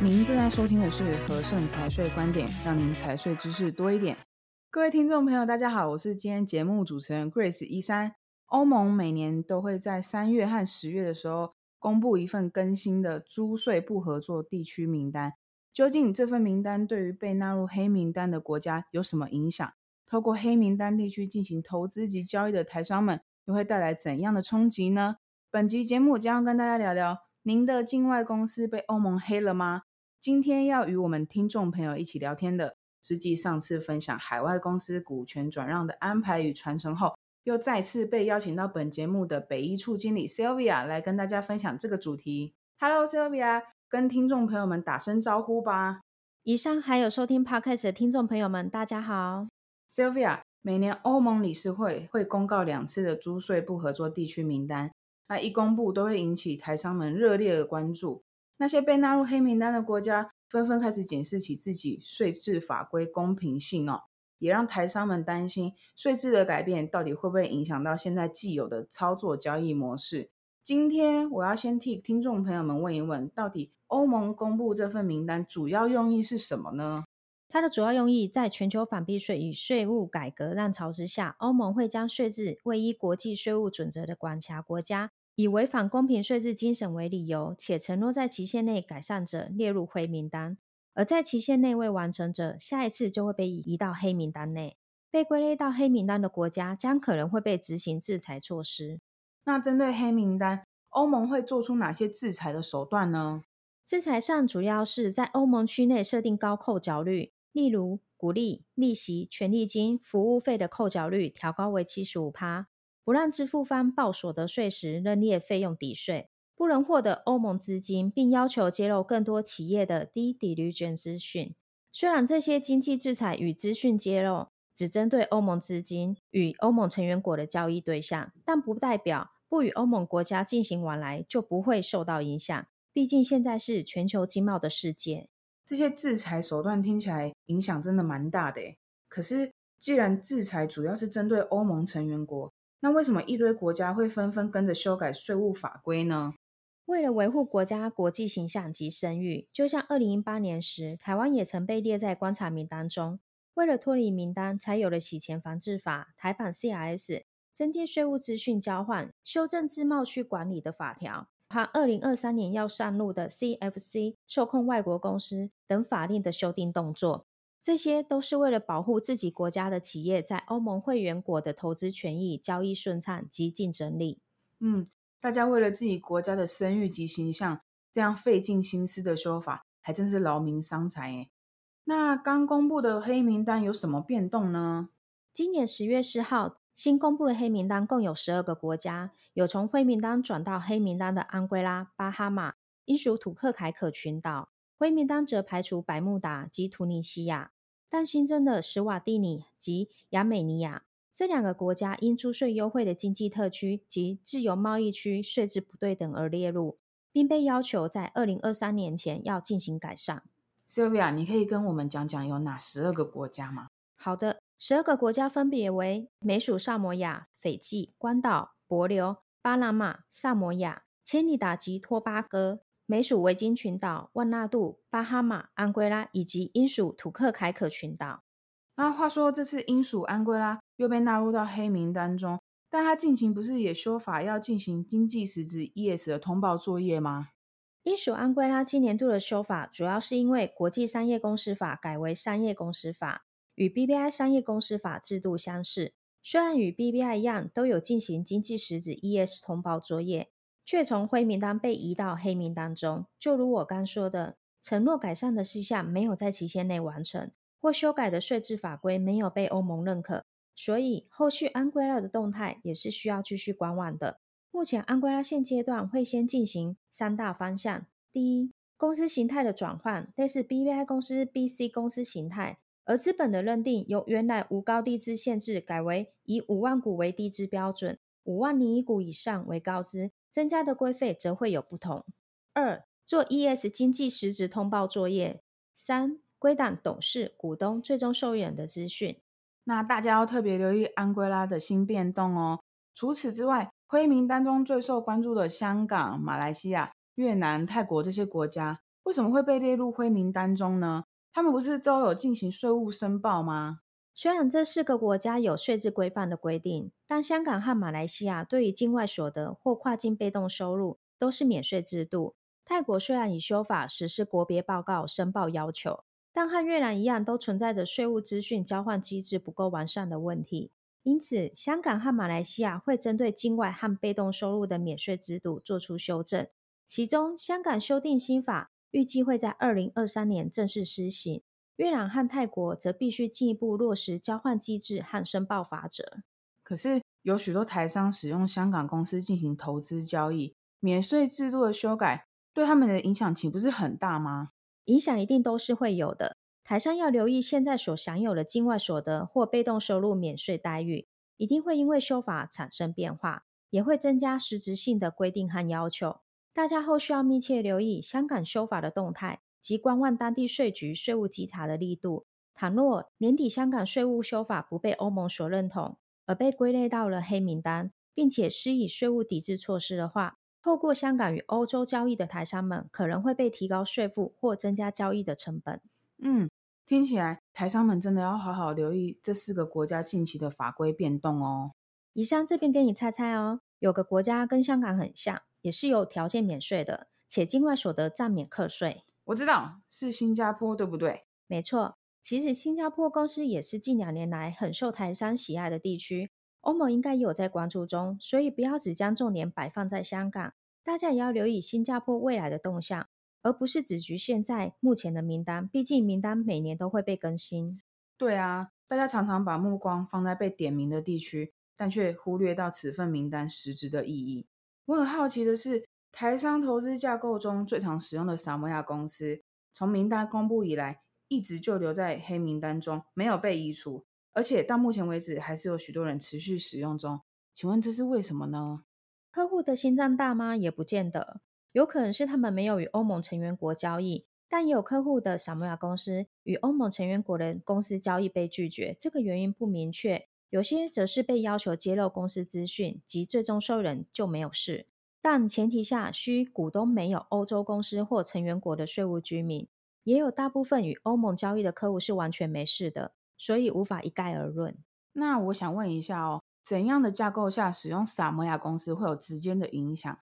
您正在收聽的是荷盛財稅觀點，讓您財稅知識多一點。各位聽眾朋友，大家好，我是今天節目主持人 Grace 一三。歐盟每年都會在三月和十月的時候公布一份更新的租稅不合作地區名單。究竟這份名單對於被納入黑名單的國家有什麼影響？透過黑名單地區進行投資及交易的台商們又會帶來怎樣的衝擊呢？本集節目將要跟大家聊聊：您的境外公司被歐盟黑了嗎？今天要與我們聽眾朋友一起聊天的，是繼上次分享海外公司股權轉讓的安排與傳承後，又再次被邀請到本節目的北一處經理 Sylvia 來跟大家分享這個主題。Hello Sylvia，跟聽眾朋友們打聲招呼吧。以上還有收聽 Podcast 的聽眾朋友們，大家好。Sylvia，每年歐盟理事會會公告兩次的租稅不合作地區名單，那一公布都會引起台商們熱烈的關注。那些被納入黑名單的國家紛紛開始檢視起自己稅制法規公平性哦，也讓台商們擔心稅制的改變到底會不會影響到現在既有的操作交易模式。今天我要先替聽眾朋友們問一問，到底歐盟公布這份名單主要用意是什麼呢？它的主要用意在全球反避稅與稅務改革浪潮之下，歐盟會將稅制未依國際稅務準則的管轄國家。以違反公平稅制精神為理由，且承諾在期限內改善者列入灰名單；而在期限內未完成者，下一次就會被移到黑名單內。被歸類到黑名單的國家將可能會被執行制裁措施。那針對黑名單，歐盟會做出哪些制裁的手段呢？制裁上主要是在歐盟區內設定高扣繳率，例如股利、利息、權利金、服務費的扣繳率調高為七十五趴。不讓支付方報所得稅時認列費用抵稅，不能獲得歐盟資金，並要求揭露更多企業的低稅率卷資訊。雖然這些經濟制裁與資訊揭露只針對歐盟資金與歐盟成員國的交易對象，但不代表不與歐盟國家進行往來就不會受到影響。畢竟現在是全球經貿的世界，這些制裁手段聽起來影響真的蠻大的耶。可是，既然制裁主要是針對歐盟成員國，那為什麼一堆國家會紛紛跟着修改稅務法規呢？為了維護國家國際形象及聲譽，就像二零一八年時，台灣也曾被列在觀察名單中。為了脫離名單，才有了洗錢防治法、台版 CRS、增添稅務資訊交換、修正自貿區管理的法條，和二零二三年要上路的 CFC 受控外國公司等法令的修訂動作。這些都是為了保護自己國家的企業在歐盟會員國的投資權益、交易順暢及競爭力。嗯，大家為了自己國家的聲譽及形象，這樣費盡心思的說法，還真是勞民傷財哎。那剛公布的黑名單有什麼變動呢？今年十月四號新公布的黑名單共有十二個國家，有從灰名單轉到黑名單的安圭拉、巴哈馬、英屬土克凱可群島，灰名單則排除百慕達及突尼西亞。但新增的史瓦蒂尼及亞美尼亞這兩個國家，因租稅優惠的經濟特區及自由貿易區稅制不對等而列入，並被要求在二零二三年前要進行改善。Sylvia，你可以跟我們講講有哪十二個國家嗎？好的，十二個國家分別為：美屬薩摩亞、斐濟、關島、帛琉、巴拿馬、薩摩亞、千里達及托巴哥。美屬維京群島、萬納度、巴哈馬、安圭拉，以及英屬土克凱可群島。那話說，這次英屬安圭拉又被納入到黑名單中，但他近期不是也修法要進行經濟實質 ES 的通報作業嗎？英屬安圭拉今年度的修法，主要是因為國際商業公司法改為商業公司法，與 BBI 商業公司法制度相似，雖然與 BBI 一樣都有進行經濟實質 ES 通報作業。卻從灰名單被移到黑名單中，就如我剛說的，承諾改善的事項沒有在期限內完成，或修改的稅制法規沒有被歐盟認可，所以後續安圭拉的動態也是需要繼續觀望的。目前安圭拉現階段會先進行三大方向：第一，公司形態的轉換，類似 BVI 公司、BC 公司形態；而資本的認定由原來無高低資限制，改為以五萬股為低資標準，五萬零一股以上為高資。增加的規費則會有不同。二、做 ES 經濟實質通報作業。三、歸檔董事、股東最終受益人的資訊。那大家要特別留意安圭拉的新變動哦。除此之外，灰名單中最受關注的香港、馬來西亞、越南、泰國這些國家，為什麼會被列入灰名單中呢？他們不是都有進行稅務申報嗎？雖然這四個國家有稅制規範的規定，但香港和馬來西亞對於境外所得或跨境被動收入都是免稅制度。泰國雖然已修法實施國別報告申報要求，但和越南一樣，都存在着稅務資訊交換機制不夠完善的問題。因此，香港和馬來西亞會針對境外和被動收入的免稅制度做出修正。其中，香港修訂新法預計會在二零二三年正式施行。越南和泰國則必須進一步落實交換機制和申報法則。可是有許多台商使用香港公司進行投資交易，免稅制度的修改對他們的影響豈不是很大嗎？影響一定都是會有的。台商要留意現在所享有的境外所得或被動收入免稅待遇，一定會因為修法產生變化，也會增加實質性的規定和要求。大家後續要密切留意香港修法的動態。及觀望當地稅局稅務稽查的力度。倘若年底香港稅務修法不被歐盟所認同，而被歸類到了黑名單，並且施以稅務抵制措施的話，透過香港與歐洲交易的台商們可能會被提高稅負或增加交易的成本。嗯，聽起來台商們真的要好好留意這四個國家近期的法規變動哦。以上這邊給你猜猜哦，有個國家跟香港很像，也是有條件免稅的，且境外所得暫免課稅。我知道是新加坡，對不對？沒錯，其實新加坡公司也是近兩年來很受台商喜愛的地區。歐盟應該有在關注中，所以不要只將重點擺放在香港，大家也要留意新加坡未來的動向，而不是只侷限在目前的名單。畢竟名單每年都會被更新。對啊，大家常常把目光放在被點名的地區，但卻忽略到此份名單實質的意義。我很好奇的是，台商投資架構中最常使用的薩摩亞公司，從名單公布以來，一直就留在黑名單中，沒有被移除，而且到目前為止，還是有許多人持續使用中。請問這是為什麼呢？客戶的心臟大嗎？也不見得，有可能是他們沒有與歐盟成員國交易，但也有客戶的薩摩亞公司與歐盟成員國的公司交易被拒絕，這個原因不明確。有些則是被要求揭露公司資訊及最終受人就沒有事。但前提下，需股東沒有歐洲公司或成員國的稅務居民，也有大部分與歐盟交易的客戶是完全沒事的，所以無法一概而論。那我想問一下哦，怎樣的架構下使用薩摩亞公司會有直接的影響？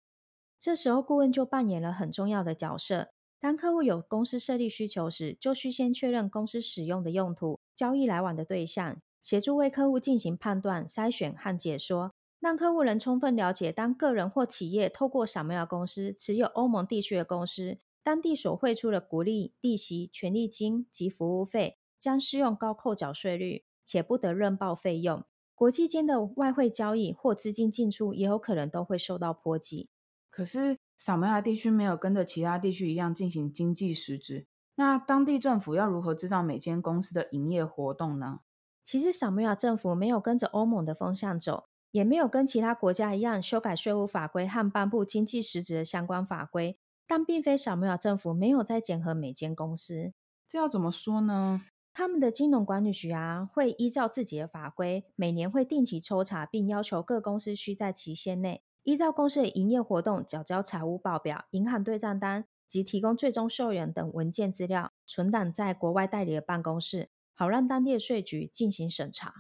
這時候顧問就扮演了很重要的角色。當客戶有公司設立需求時，就需先確認公司使用的用途、交易來往的對象，協助為客戶進行判斷、篩選和解說。讓客戶能充分了解，當個人或企業透過薩摩亞公司持有歐盟地區的公司，當地所匯出的股利、利息、權利金及服務費將適用高扣繳稅率，且不得認報費用。國際間的外匯交易或資金進出也有可能都會受到波及。可是，薩摩亞地區沒有跟着其他地區一樣進行經濟實質，那當地政府要如何知道每間公司的營業活動呢？其實，薩摩亞政府沒有跟着歐盟的方向走。也沒有跟其他國家一樣修改稅務法規和頒布經濟實質的相關法規，但並非薩摩亞政府沒有在檢核每間公司。這要怎麼說呢？他們的金融管理局啊，會依照自己的法規，每年會定期抽查，並要求各公司需在期限內依照公司的營業活動繳交財務報表、銀行對賬單及提供最終受益人等文件資料，存檔在國外代理的辦公室，好讓當地的稅局進行審查。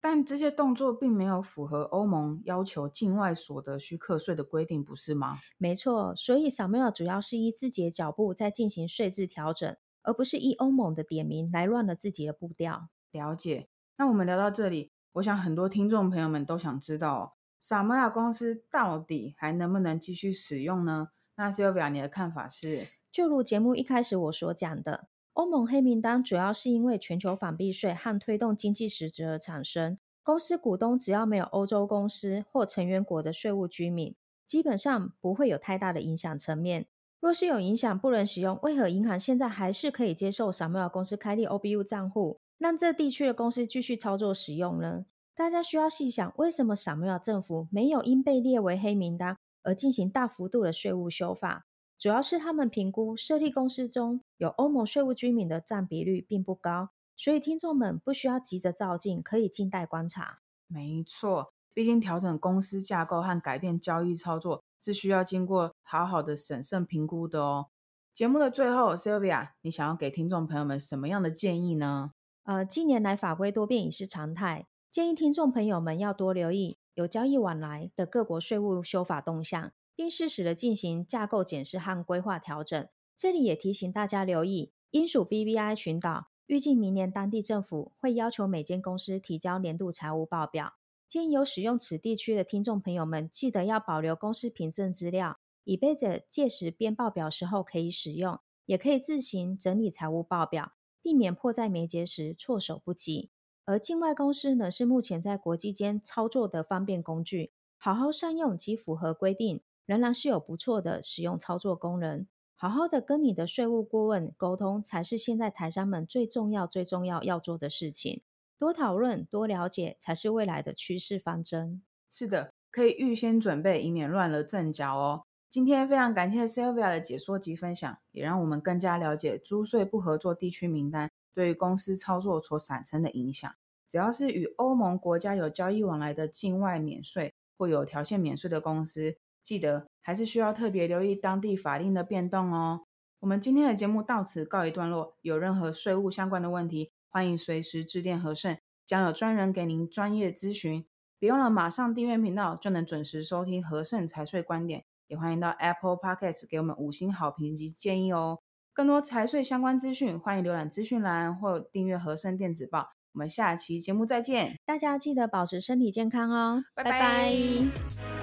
但這些動作並沒有符合歐盟要求境外所得需課稅的規定，不是嗎？沒錯，所以薩摩 a 主要是依自己的腳步在進行稅制調整，而不是以歐盟的點名來亂了自己的步調。了解。那我們聊到這裡，我想很多聽眾朋友們都想知道，薩摩亞公司到底還能不能繼續使用呢？那 Silvia，你的看法是？就如節目一開始我所講的。歐盟黑名單主要是因為全球反避稅和推動經濟實質而產生。公司股東只要沒有歐洲公司或成員國的稅務居民，基本上不會有太大的影響層面。若是有影響，不能使用，為何銀行現在還是可以接受薩摩亞公司開立 OBU 賬戶，讓這地區的公司繼續操作使用呢？大家需要細想，為什麼薩摩亞政府沒有因被列為黑名單而進行大幅度的稅務修法？主要是他們評估設立公司中有歐盟稅務居民的占比率並不高，所以聽眾們不需要急着照進，可以靜待觀察。沒錯，畢竟調整公司架構和改變交易操作是需要經過好好的審慎評估的哦。節目的最後 ，Sylvia，你想要給聽眾朋友們什麼樣的建議呢？呃，近年來法規多變已是常態，建議聽眾朋友們要多留意有交易往來的各國稅務修法動向。並適時地進行架構檢視和規劃調整。這裡也提醒大家留意，英屬 BVI 群島預計明年當地政府會要求每間公司提交年度財務報表。建議有使用此地區的聽眾朋友們，記得要保留公司憑證資料，以備着屆時編報表時候可以使用。也可以自行整理財務報表，避免迫在眉睫時措手不及。而境外公司呢，是目前在國際間操作的方便工具，好好善用及符合規定。仍然是有不錯的使用操作功能。好好的跟你的稅務顧問溝通，才是現在台商們最重要、最重要要做的事情。多討論、多了解，才是未來的趨勢方針。是的，可以預先準備，以免亂了陣腳哦。今天非常感謝 Sylvia 的解說及分享，也讓我們更加了解租稅不合作地區名單對於公司操作所產生的影響。只要是與歐盟國家有交易往來的境外免稅或有條件免稅的公司，記得還是需要特別留意當地法令的變動哦。我們今天的節目到此告一段落。有任何稅務相關的問題，歡迎隨時致電荷盛，將有專人給您專業諮詢。別忘了馬上訂閱頻道，就能準時收聽荷盛財稅觀點。也歡迎到 Apple Podcast 給我們五星好評及建議哦。更多財稅相關資訊，歡迎瀏覽資訊欄或訂閱荷盛電子報。我們下期節目再見。大家記得保持身體健康哦。Bye bye 拜拜。